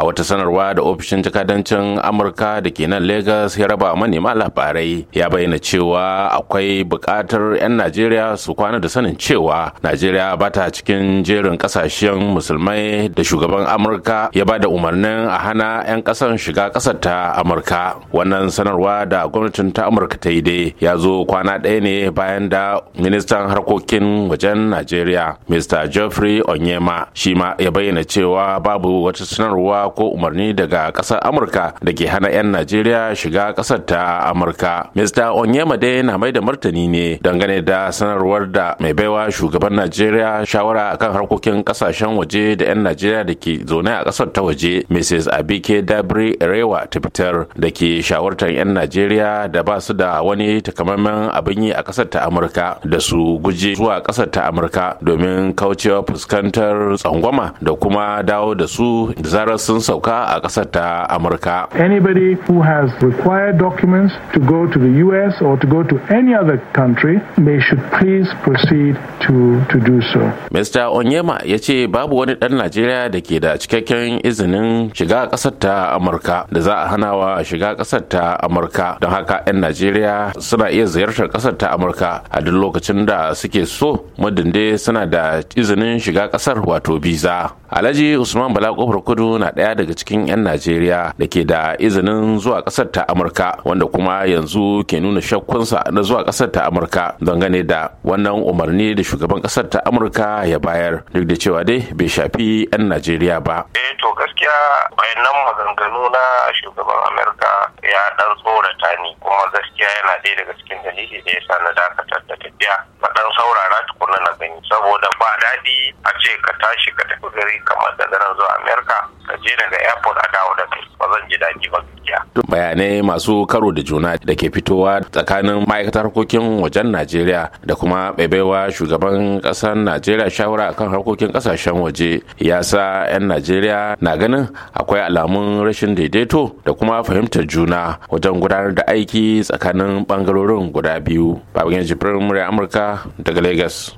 a wata sanarwa da ofishin jakadancin amurka da ke nan Legas ya raba manema labarai ya bayyana cewa akwai bukatar 'yan najeriya su kwana da sanin cewa najeriya ba ta cikin jerin kasashen musulmai da shugaban amurka ya ba da umarnin a hana 'yan ƙasan shiga ƙasar ta amurka wannan sanarwa da gwamnatin ta amurka ta yi dai ya zo kwana ɗaya ne bayan da ministan harkokin wajen najeriya mr geoffrey onyema shi ma ya bayyana cewa babu wata sanarwa ko umarni daga kasar amurka da ke hana 'yan najeriya shiga kasar ta amurka mr onyema dai na mai da martani ne dangane da sanarwar da mai baiwa shugaban najeriya shawara akan harkokin kasashen waje da 'yan najeriya da ke zaune a kasar ta waje mrs abike dabri erewa ta fitar da ke shawartar 'yan najeriya da ba su da wani takamaiman abin yi a kasar ta amurka da su guje zuwa kasar ta amurka domin kaucewa fuskantar tsangwama da kuma dawo da su da zarar sun sauka a ƙasar ta amurka anybody who has required documents to go to the us or to go to any other country they should please proceed to, to do so mr onyema ya ce babu wani ɗan najeriya da ke da cikakken izinin shiga ƙasar ta amurka da za a hanawa shiga ƙasar ta amurka don haka 'yan najeriya suna iya ziyartar ƙasar ta amurka a duk lokacin da suke so muddin suna da izinin shiga ƙasar wato biza Alhaji Usman Bala Kofar Kudu na ɗaya daga cikin 'yan Najeriya da ke da izinin zuwa ƙasar ta Amurka wanda kuma yanzu ke nuna shakkunsa na zuwa ƙasar ta Amurka dangane da wannan umarni da shugaban ƙasar ta Amurka ya bayar duk da cewa dai bai shafi 'yan Najeriya ba. Eh to gaskiya bayanan maganganu na shugaban Amurka ya ɗan tsorata ni kuma gaskiya yana ɗaya daga cikin dalili da ya sa na dakatar da tafiya. ka tafi gari kamar daga nan zuwa amerika ka je daga airport a dawo da kai ba zan ji daji ba gaskiya. bayanai masu karo da juna da ke fitowa tsakanin ma'aikatar harkokin wajen najeriya da kuma baiwa shugaban ƙasar najeriya shawara akan harkokin ƙasashen waje ya sa 'yan najeriya na ganin akwai alamun rashin daidaito da kuma fahimtar juna wajen gudanar da aiki tsakanin bangarorin guda biyu babban jibrin murya amurka daga lagos